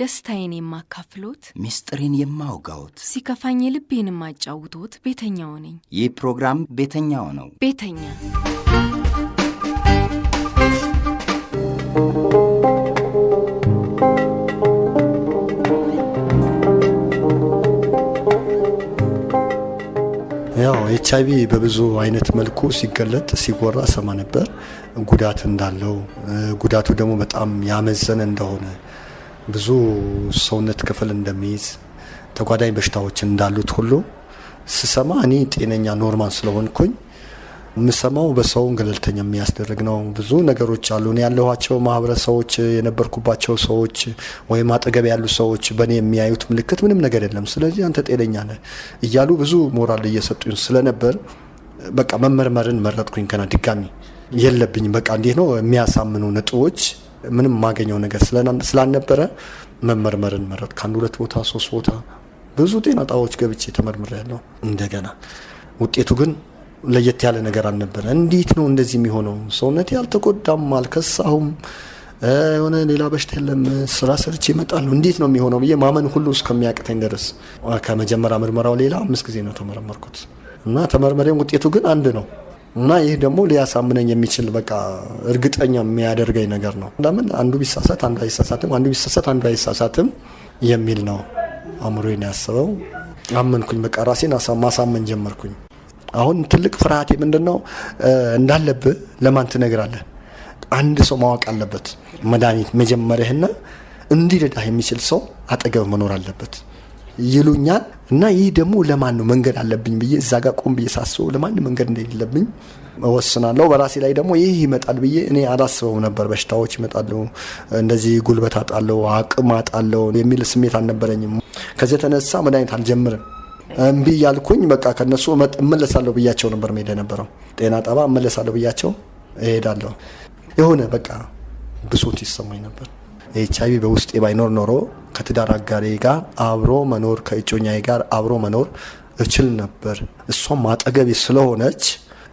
ደስታዬን የማካፍሎት፣ ሚስጥሬን የማውጋዎት፣ ሲከፋኝ ልቤን የማጫውቶት ቤተኛው ነኝ። ይህ ፕሮግራም ቤተኛው ነው። ቤተኛ ያው ኤች አይቪ በብዙ አይነት መልኩ ሲገለጥ ሲወራ ሰማ ነበር። ጉዳት እንዳለው ጉዳቱ ደግሞ በጣም ያመዘነ እንደሆነ ብዙ ሰውነት ክፍል እንደሚይዝ ተጓዳኝ በሽታዎች እንዳሉት ሁሉ ስሰማ እኔ ጤነኛ ኖርማል ስለሆንኩኝ የምሰማው በሰውን ገለልተኛ የሚያስደርግ ነው። ብዙ ነገሮች አሉ። እኔ ያለኋቸው ማህበረሰቦች፣ የነበርኩባቸው ሰዎች ወይም አጠገብ ያሉ ሰዎች በእኔ የሚያዩት ምልክት ምንም ነገር የለም፣ ስለዚህ አንተ ጤነኛ ነህ እያሉ ብዙ ሞራል እየሰጡኝ ስለነበር በቃ መመርመርን መረጥኩኝ። ከና ድጋሚ የለብኝም። በቃ እንዲህ ነው የሚያሳምኑ ነጥቦች ምንም የማገኘው ነገር ስላልነበረ መመርመርን መረጥ ከአንድ ሁለት ቦታ ሶስት ቦታ ብዙ ጤና ጣዎች ገብቼ ተመርምር ያለው እንደገና ውጤቱ ግን ለየት ያለ ነገር አልነበረ። እንዴት ነው እንደዚህ የሚሆነው? ሰውነቴ አልተጎዳም፣ አልከሳሁም፣ የሆነ ሌላ በሽታ የለም፣ ስራ ሰርቼ እመጣለሁ፣ እንዴት ነው የሚሆነው ብዬ ማመን ሁሉ እስከሚያቅተኝ ድረስ ከመጀመሪያ ምርመራው ሌላ አምስት ጊዜ ነው ተመረመርኩት እና ተመርመሬም ውጤቱ ግን አንድ ነው። እና ይህ ደግሞ ሊያሳምነኝ የሚችል በቃ እርግጠኛ የሚያደርገኝ ነገር ነው። ለምን አንዱ ቢሳሳት አንዱ አይሳሳትም፣ አንዱ ቢሳሳት አንዱ አይሳሳትም የሚል ነው አእምሮዬን ያስበው። አመንኩኝ፣ በቃ ራሴን ማሳመን ጀመርኩኝ። አሁን ትልቅ ፍርሃቴ ምንድን ነው እንዳለብህ ለማን ትነግራለህ? አንድ ሰው ማወቅ አለበት። መድኃኒት መጀመሪያህና እንዲረዳህ የሚችል ሰው አጠገብ መኖር አለበት። ይሉኛል እና ይህ ደግሞ ለማን ነው መንገድ አለብኝ ብዬ እዛ ጋር ቆም ብዬ ሳስበው ለማን መንገድ እንደሌለብኝ እወስናለሁ። በራሴ ላይ ደግሞ ይህ ይመጣል ብዬ እኔ አላስበው ነበር። በሽታዎች ይመጣሉ፣ እንደዚህ ጉልበት አጣለው አቅም አጣለው የሚል ስሜት አልነበረኝም። ከዚህ የተነሳ መድኃኒት አልጀምርም እምቢ ያልኩኝ በቃ ከነሱ እመለሳለሁ ብያቸው ነበር መሄድ የነበረው ጤና ጠባ እመለሳለሁ ብያቸው እሄዳለሁ። የሆነ በቃ ብሶት ይሰማኝ ነበር። ኤች አይቪ በውስጤ ባይኖር ኖሮ ከትዳር አጋሬ ጋር አብሮ መኖር ከእጮኛዬ ጋር አብሮ መኖር እችል ነበር። እሷም አጠገቤ ስለሆነች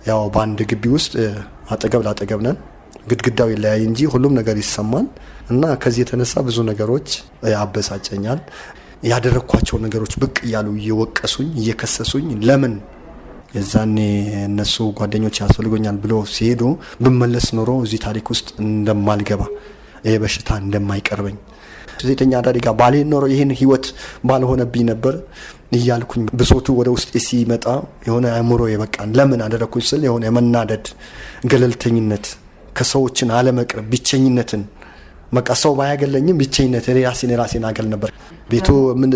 ያው በአንድ ግቢ ውስጥ አጠገብ ላጠገብ ነን። ግድግዳው ይለያይ እንጂ ሁሉም ነገር ይሰማል እና ከዚህ የተነሳ ብዙ ነገሮች ያበሳጨኛል። ያደረግኳቸው ነገሮች ብቅ እያሉ እየወቀሱኝ እየከሰሱኝ ለምን የዛኔ እነሱ ጓደኞች ያስፈልጎኛል ብሎ ሲሄዱ ብመለስ ኖሮ እዚህ ታሪክ ውስጥ እንደማልገባ ይሄ በሽታ እንደማይቀርበኝ ሴተኛ አዳሪ ጋር ባሌ ይህን ህይወት ባልሆነብኝ ነበር እያልኩኝ ብሶቱ ወደ ውስጥ ሲመጣ የሆነ አእምሮ የበቃን ለምን አደረግኩኝ ስል የሆነ የመናደድ ገለልተኝነት፣ ከሰዎችን አለመቅረብ፣ ብቸኝነትን በቃ ሰው ባያገለኝም ብቸኝነት የራሴን የራሴን አገል ነበር። ቤቱ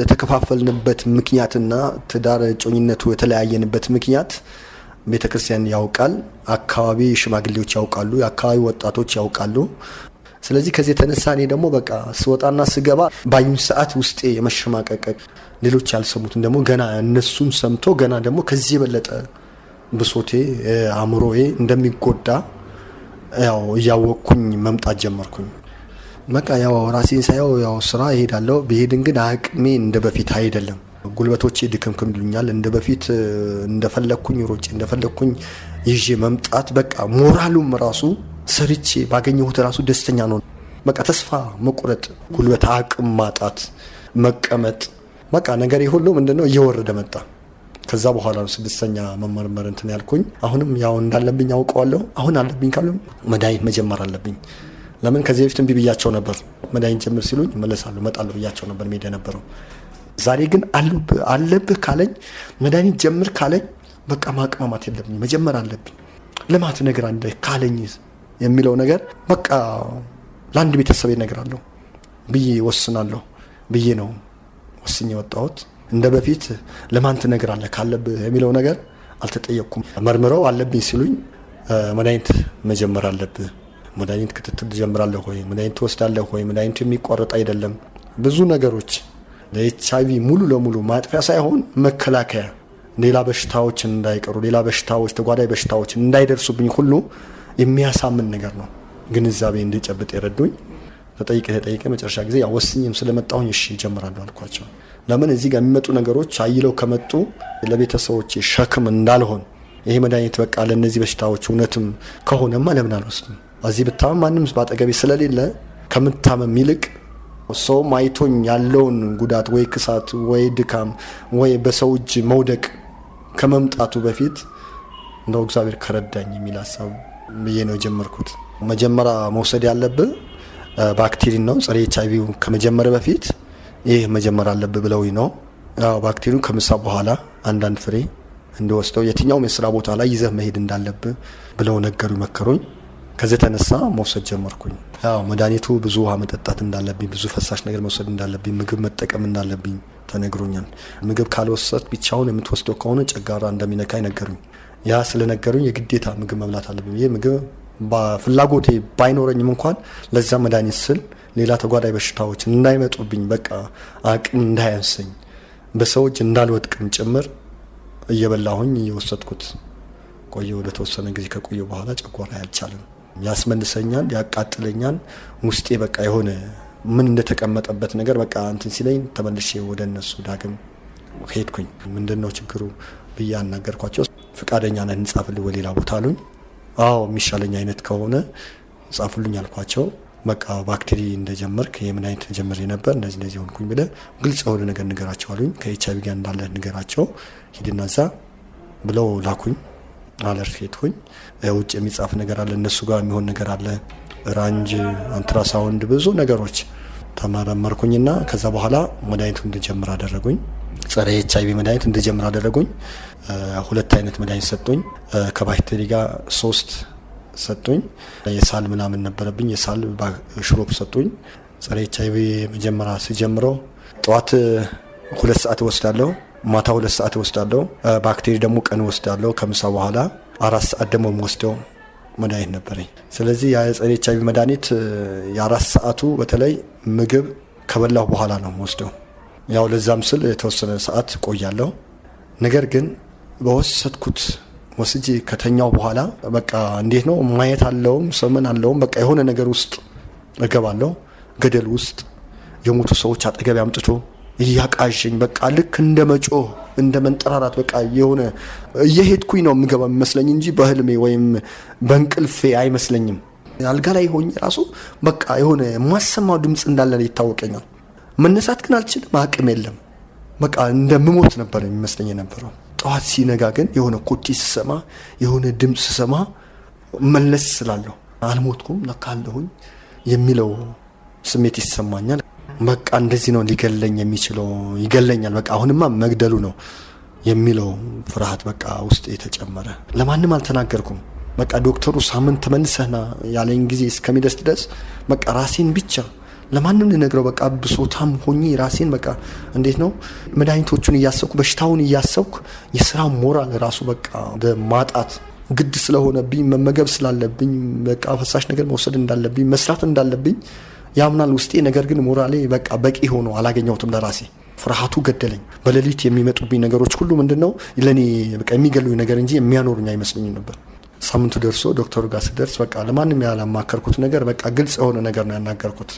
የተከፋፈልንበት ምክንያትና ትዳር ጮኝነቱ የተለያየንበት ምክንያት ቤተክርስቲያን ያውቃል፣ አካባቢ ሽማግሌዎች ያውቃሉ፣ የአካባቢ ወጣቶች ያውቃሉ። ስለዚህ ከዚህ የተነሳ እኔ ደግሞ በቃ ስወጣና ስገባ ባዩኝ ሰዓት ውስጤ የመሸማቀቀቅ ሌሎች ያልሰሙትን ደግሞ ገና እነሱን ሰምቶ ገና ደግሞ ከዚህ የበለጠ ብሶቴ አእምሮዬ እንደሚጎዳ ያው እያወቅኩኝ መምጣት ጀመርኩኝ። በቃ ያው ራሴን ሳየው ያው ስራ እሄዳለሁ ብሄድን ግን አቅሜ እንደ በፊት አይደለም። ጉልበቶቼ ድክምክም ይሉኛል። እንደ በፊት እንደፈለግኩኝ ሮጬ እንደፈለግኩኝ ይዤ መምጣት በቃ ሞራሉም ራሱ ሰርቼ ባገኘሁት ራሱ ደስተኛ ነው። በቃ ተስፋ መቁረጥ፣ ጉልበት አቅም ማጣት፣ መቀመጥ በቃ ነገር ሁሉ ምንድነው እየወረደ መጣ። ከዛ በኋላ ነው ስድስተኛ መመርመር እንትን ያልኩኝ። አሁንም ያው እንዳለብኝ አውቀዋለሁ። አሁን አለብኝ ካሉ መድኃኒት መጀመር አለብኝ። ለምን ከዚህ በፊት እምቢ ብያቸው ነበር። መድኃኒት ጀምር ሲሉኝ እመለሳለሁ እመጣለሁ ብያቸው ነበር መሄድ ነበረው። ዛሬ ግን አለብህ ካለኝ መድኃኒት ጀምር ካለኝ በቃ ማቅማማት የለብኝ መጀመር አለብኝ ልማት ነገር አንደ ካለኝ የሚለው ነገር በቃ ለአንድ ቤተሰብ ይነግራለሁ ብዬ ወስናለሁ ብዬ ነው ወስኝ የወጣሁት። እንደ በፊት ለማን ትነግራለህ ካለብህ የሚለው ነገር አልተጠየቅኩም። መርምረው አለብኝ ሲሉኝ መድኃኒት መጀመር አለብህ፣ መድኃኒት ክትትል ትጀምራለህ ወይ፣ መድኃኒት ትወስዳለህ ወይ፣ መድኃኒቱ የሚቋረጥ አይደለም። ብዙ ነገሮች ለኤች አይቪ ሙሉ ለሙሉ ማጥፊያ ሳይሆን መከላከያ ሌላ በሽታዎች እንዳይቀሩ ሌላ በሽታዎች ተጓዳኝ በሽታዎች እንዳይደርሱብኝ ሁሉ የሚያሳምን ነገር ነው። ግንዛቤ እንድጨብጥ የረዱኝ ተጠይቀ ተጠይቀ መጨረሻ ጊዜ ያወስኝም ስለመጣሁኝ እሺ ይጀምራሉ አልኳቸው። ለምን እዚህ ጋር የሚመጡ ነገሮች አይለው ከመጡ ለቤተሰቦች ሸክም እንዳልሆን ይሄ መድኃኒት በቃ ለእነዚህ በሽታዎች እውነትም ከሆነማ ለምን አልወስድም? እዚህ ብታመም ማንም በአጠገቤ ስለሌለ ከምታመም ይልቅ ሰው አይቶኝ ያለውን ጉዳት ወይ ክሳት ወይ ድካም ወይ በሰው እጅ መውደቅ ከመምጣቱ በፊት እንደው እግዚአብሔር ከረዳኝ የሚል ሀሳብ ብዬ ነው የጀመርኩት። መጀመሪያ መውሰድ ያለብህ ባክቴሪን ነው ጸረ ኤች አይቪ ከመጀመር በፊት ይህ መጀመር አለብህ ብለው ነው። ባክቴሪን ከምሳ በኋላ አንዳንድ ፍሬ እንዲወስደው የትኛውም የስራ ቦታ ላይ ይዘህ መሄድ እንዳለብህ ብለው ነገሩ መከሩኝ። ከዚህ የተነሳ መውሰድ ጀመርኩኝ። ያው መድኃኒቱ ብዙ ውሃ መጠጣት እንዳለብኝ፣ ብዙ ፈሳሽ ነገር መውሰድ እንዳለብኝ፣ ምግብ መጠቀም እንዳለብኝ ተነግሮኛል። ምግብ ካልወሰድ ብቻውን የምትወስደው ከሆነ ጨጓራ እንደሚነካ ይነገሩኝ። ያ ስለነገሩኝ የግዴታ ምግብ መብላት አለብኝ ይህ ምግብ ፍላጎቴ ባይኖረኝም እንኳን ለዛ መድኃኒት ስል ሌላ ተጓዳኝ በሽታዎች እንዳይመጡብኝ በቃ አቅም እንዳያንሰኝ በሰዎች እንዳልወጥቅም ጭምር እየበላሁኝ እየወሰድኩት ቆየ። ወደ ተወሰነ ጊዜ ከቆየ በኋላ ጨጓራ አልቻለም፣ ያስመልሰኛል፣ ያቃጥለኛል። ውስጤ በቃ የሆነ ምን እንደተቀመጠበት ነገር በቃ እንትን ሲለኝ ተመልሼ ወደ እነሱ ዳግም ሄድኩኝ። ምንድን ነው ችግሩ ብዬ አናገርኳቸው። ፍቃደኛ ነን እንጻፍልህ በሌላ ቦታ አሉኝ። አዎ የሚሻለኝ አይነት ከሆነ ጻፉልኝ አልኳቸው። በቃ ባክቴሪ እንደጀመርክ የምን አይነት ጀምሬ ነበር እንደዚህ እንደዚህ ሆንኩኝ ብለ ግልጽ የሆነ ነገር ንገራቸው አሉኝ። ከኤች አይቪ ጋር እንዳለ ንገራቸው ሂድና እዛ ብለው ላኩኝ። አለርት ሄድኩኝ። ውጭ የሚጻፍ ነገር አለ፣ እነሱ ጋር የሚሆን ነገር አለ፣ ራንጅ፣ አንትራሳውንድ ብዙ ነገሮች ተመረመርኩኝና ከዛ በኋላ መድኃኒቱ እንድጀምር አደረጉኝ። ጸረ ኤች አይቪ መድኃኒት እንድጀምር አደረጉኝ። ሁለት አይነት መድኃኒት ሰጡኝ። ከባክቴሪ ጋር ሶስት ሰጡኝ። የሳል ምናምን ነበረብኝ። የሳል ሽሮፕ ሰጡኝ። ጸረ ኤች አይቪ መጀመሪያ ስጀምረው ጠዋት ሁለት ሰዓት እወስዳለሁ፣ ማታ ሁለት ሰዓት እወስዳለሁ። ባክቴሪ ደግሞ ቀን እወስዳለሁ። ከምሳ በኋላ አራት ሰዓት ደግሞ ወስደው መድኃኒት ነበረኝ። ስለዚህ የጸረ ኤች አይቪ መድኃኒት የአራት ሰዓቱ በተለይ ምግብ ከበላሁ በኋላ ነው ወስደው ያው ለዛም ስል የተወሰነ ሰዓት ቆያለሁ። ነገር ግን በወሰድኩት ወስጂ ከተኛው በኋላ በቃ እንዴት ነው ማየት አለውም ሰመን አለውም በቃ የሆነ ነገር ውስጥ እገባለሁ። ገደል ውስጥ የሞቱ ሰዎች አጠገብ አምጥቶ እያቃዥኝ በቃ ልክ እንደ መጮህ እንደ መንጠራራት በቃ የሆነ እየሄድኩኝ ነው የምገባ የሚመስለኝ እንጂ በህልሜ ወይም በእንቅልፌ አይመስለኝም። አልጋ ላይ ሆኜ ራሱ በቃ የሆነ የማሰማው ድምፅ እንዳለ ይታወቀኛል። መነሳት ግን አልችልም፣ አቅም የለም። በቃ እንደምሞት ነበር የሚመስለኝ የነበረው። ጠዋት ሲነጋ ግን የሆነ ኩቲ ስሰማ የሆነ ድምፅ ስሰማ መለስ ስላለሁ አልሞትኩም ለካለሁኝ የሚለው ስሜት ይሰማኛል። በቃ እንደዚህ ነው ሊገለኝ የሚችለው ይገለኛል። በቃ አሁንማ መግደሉ ነው የሚለው ፍርሃት በቃ ውስጥ የተጨመረ። ለማንም አልተናገርኩም። በቃ ዶክተሩ ሳምንት ተመልሰህና ያለኝ ጊዜ እስከሚደርስ ድረስ በቃ ራሴን ብቻ ለማንም ልነግረው በቃ ብሶታም ሆኜ ራሴን በቃ እንዴት ነው መድኃኒቶቹን እያሰብኩ በሽታውን እያሰብኩ የስራ ሞራል ራሱ በቃ ማጣት ግድ ስለሆነብኝ መመገብ ስላለብኝ በቃ ፈሳሽ ነገር መውሰድ እንዳለብኝ መስራት እንዳለብኝ ያምናል ውስጤ። ነገር ግን ሞራሌ በቃ በቂ ሆኖ አላገኘሁትም ለራሴ። ፍርሃቱ ገደለኝ። በሌሊት የሚመጡብኝ ነገሮች ሁሉ ምንድን ነው ለእኔ በቃ የሚገሉኝ ነገር እንጂ የሚያኖሩኝ አይመስለኝም ነበር። ሳምንቱ ደርሶ ዶክተሩ ጋር ስደርስ በቃ ለማንም ያላማከርኩት ነገር በቃ ግልጽ የሆነ ነገር ነው ያናገርኩት።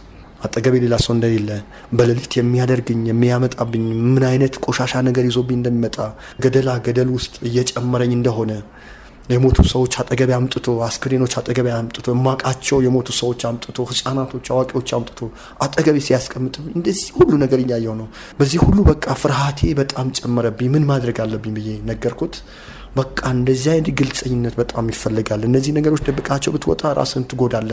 አጠገቤ ሌላ ሰው እንደሌለ በሌሊት የሚያደርግኝ የሚያመጣብኝ ምን አይነት ቆሻሻ ነገር ይዞብኝ እንደሚመጣ ገደላ ገደል ውስጥ እየጨመረኝ እንደሆነ የሞቱ ሰዎች አጠገቤ አምጥቶ አስክሬኖች አጠገቤ አምጥቶ የማውቃቸው የሞቱ ሰዎች አምጥቶ ህፃናቶች አዋቂዎች አምጥቶ አጠገቤ ሲያስቀምጥ እንደዚህ ሁሉ ነገር እያየው ነው። በዚህ ሁሉ በቃ ፍርሃቴ በጣም ጨመረብኝ። ምን ማድረግ አለብኝ ብዬ ነገርኩት። በቃ እንደዚህ አይነት ግልጸኝነት በጣም ይፈልጋል። እነዚህ ነገሮች ደብቃቸው ብትወጣ ራስን ትጎዳለ።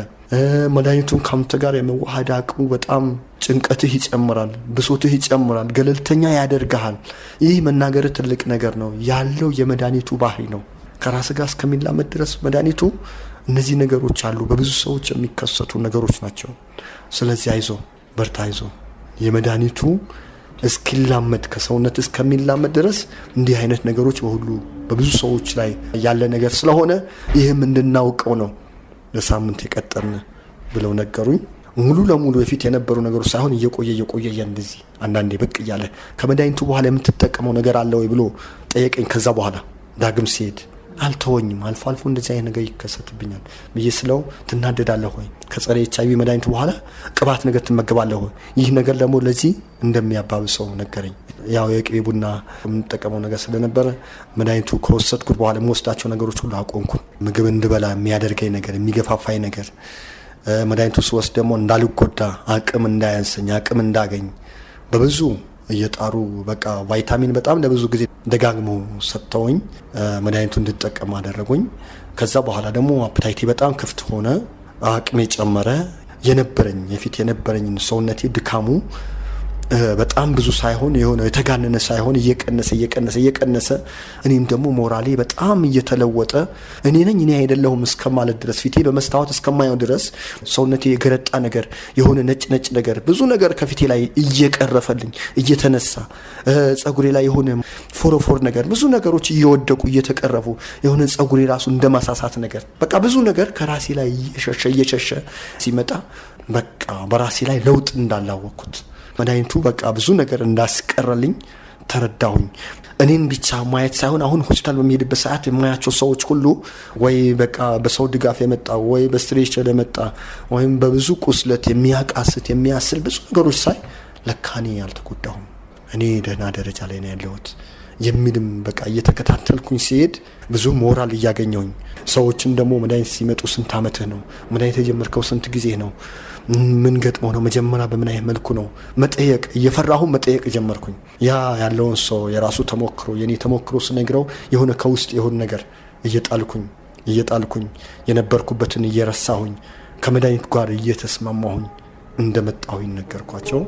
መድኃኒቱን ካንተ ጋር የመዋሃድ አቅሙ በጣም ጭንቀትህ ይጨምራል፣ ብሶትህ ይጨምራል፣ ገለልተኛ ያደርግሃል። ይህ መናገር ትልቅ ነገር ነው ያለው የመድኃኒቱ ባህሪ ነው። ከራስ ጋር እስከሚላመድ ድረስ መድኃኒቱ እነዚህ ነገሮች አሉ፣ በብዙ ሰዎች የሚከሰቱ ነገሮች ናቸው። ስለዚህ አይዞ በርታ፣ አይዞ የመድኃኒቱ እስኪላመድ ከሰውነት እስከሚላመድ ድረስ እንዲህ አይነት ነገሮች በሁሉ በብዙ ሰዎች ላይ ያለ ነገር ስለሆነ ይህም እንድናውቀው ነው ለሳምንት የቀጠርን ብለው ነገሩኝ። ሙሉ ለሙሉ በፊት የነበሩ ነገሮች ሳይሆን እየቆየ እየቆየ እንደዚህ አንዳንዴ ብቅ እያለ ከመድኃኒቱ በኋላ የምትጠቀመው ነገር አለ ወይ ብሎ ጠየቀኝ። ከዛ በኋላ ዳግም ሲሄድ አልተወኝም። አልፎ አልፎ እንደዚህ አይነት ነገር ይከሰትብኛል ብዬ ስለው ትናደዳለህ ወይ? ከጸረ ኤች መድኃኒቱ በኋላ ቅባት ነገር ትመገባለህ ወይ? ይህ ነገር ደግሞ ለዚህ እንደሚያባብ ሰው ነገረኝ። ያው የቅቤ ቡና የምንጠቀመው ነገር ስለነበረ መድኃኒቱ ከወሰድኩት በኋላ የምወስዳቸው ነገሮች ሁሉ አቆምኩ። ምግብ እንድበላ የሚያደርገኝ ነገር፣ የሚገፋፋኝ ነገር መድኃኒቱ ስወስድ ደግሞ እንዳልጎዳ አቅም እንዳያንሰኝ አቅም እንዳገኝ በብዙ እየጣሩ በቃ ቫይታሚን በጣም ለብዙ ጊዜ ደጋግሞ ሰጥተውኝ መድኃኒቱ እንድጠቀም አደረጉኝ። ከዛ በኋላ ደግሞ አፕታይቴ በጣም ክፍት ሆነ፣ አቅሜ ጨመረ። የነበረኝ የፊት የነበረኝ ሰውነቴ ድካሙ በጣም ብዙ ሳይሆን የሆነ የተጋነነ ሳይሆን እየቀነሰ እየቀነሰ እየቀነሰ እኔም ደግሞ ሞራሌ በጣም እየተለወጠ እኔ ነኝ እኔ አይደለሁም እስከማለት ድረስ ፊቴ በመስታወት እስከማየው ድረስ ሰውነቴ የገረጣ ነገር የሆነ ነጭ ነጭ ነገር ብዙ ነገር ከፊቴ ላይ እየቀረፈልኝ እየተነሳ ጸጉሬ ላይ የሆነ ፎረፎር ነገር ብዙ ነገሮች እየወደቁ እየተቀረፉ የሆነ ጸጉሬ ራሱ እንደማሳሳት ነገር በቃ ብዙ ነገር ከራሴ ላይ እየሸሸ እየሸሸ ሲመጣ በቃ በራሴ ላይ ለውጥ እንዳላወቅኩት መድኃኒቱ በቃ ብዙ ነገር እንዳስቀረልኝ ተረዳሁኝ። እኔን ብቻ ማየት ሳይሆን አሁን ሆስፒታል በሚሄድበት ሰዓት የማያቸው ሰዎች ሁሉ ወይ በቃ በሰው ድጋፍ የመጣ ወይ በስትሬቸር የመጣ ወይም በብዙ ቁስለት የሚያቃስት የሚያስል ብዙ ነገሮች ሳይ ለካ እኔ አልተጎዳሁም፣ እኔ ደህና ደረጃ ላይ ነው ያለሁት የሚልም በቃ እየተከታተልኩኝ ሲሄድ ብዙ ሞራል እያገኘውኝ ሰዎችም ደግሞ መድኃኒት ሲመጡ ስንት ዓመትህ ነው መድኃኒት የጀመርከው ስንት ጊዜ ነው ምን ገጥሞ ነው? መጀመሪያ በምን አይነት መልኩ ነው መጠየቅ እየፈራሁ መጠየቅ ጀመርኩኝ። ያ ያለውን ሰው የራሱ ተሞክሮ የኔ ተሞክሮ ስነግረው የሆነ ከውስጥ የሆነ ነገር እየጣልኩኝ እየጣልኩኝ የነበርኩበትን እየረሳሁኝ ከመድኃኒት ጋር እየተስማማሁኝ እንደመጣሁ ይነገርኳቸው።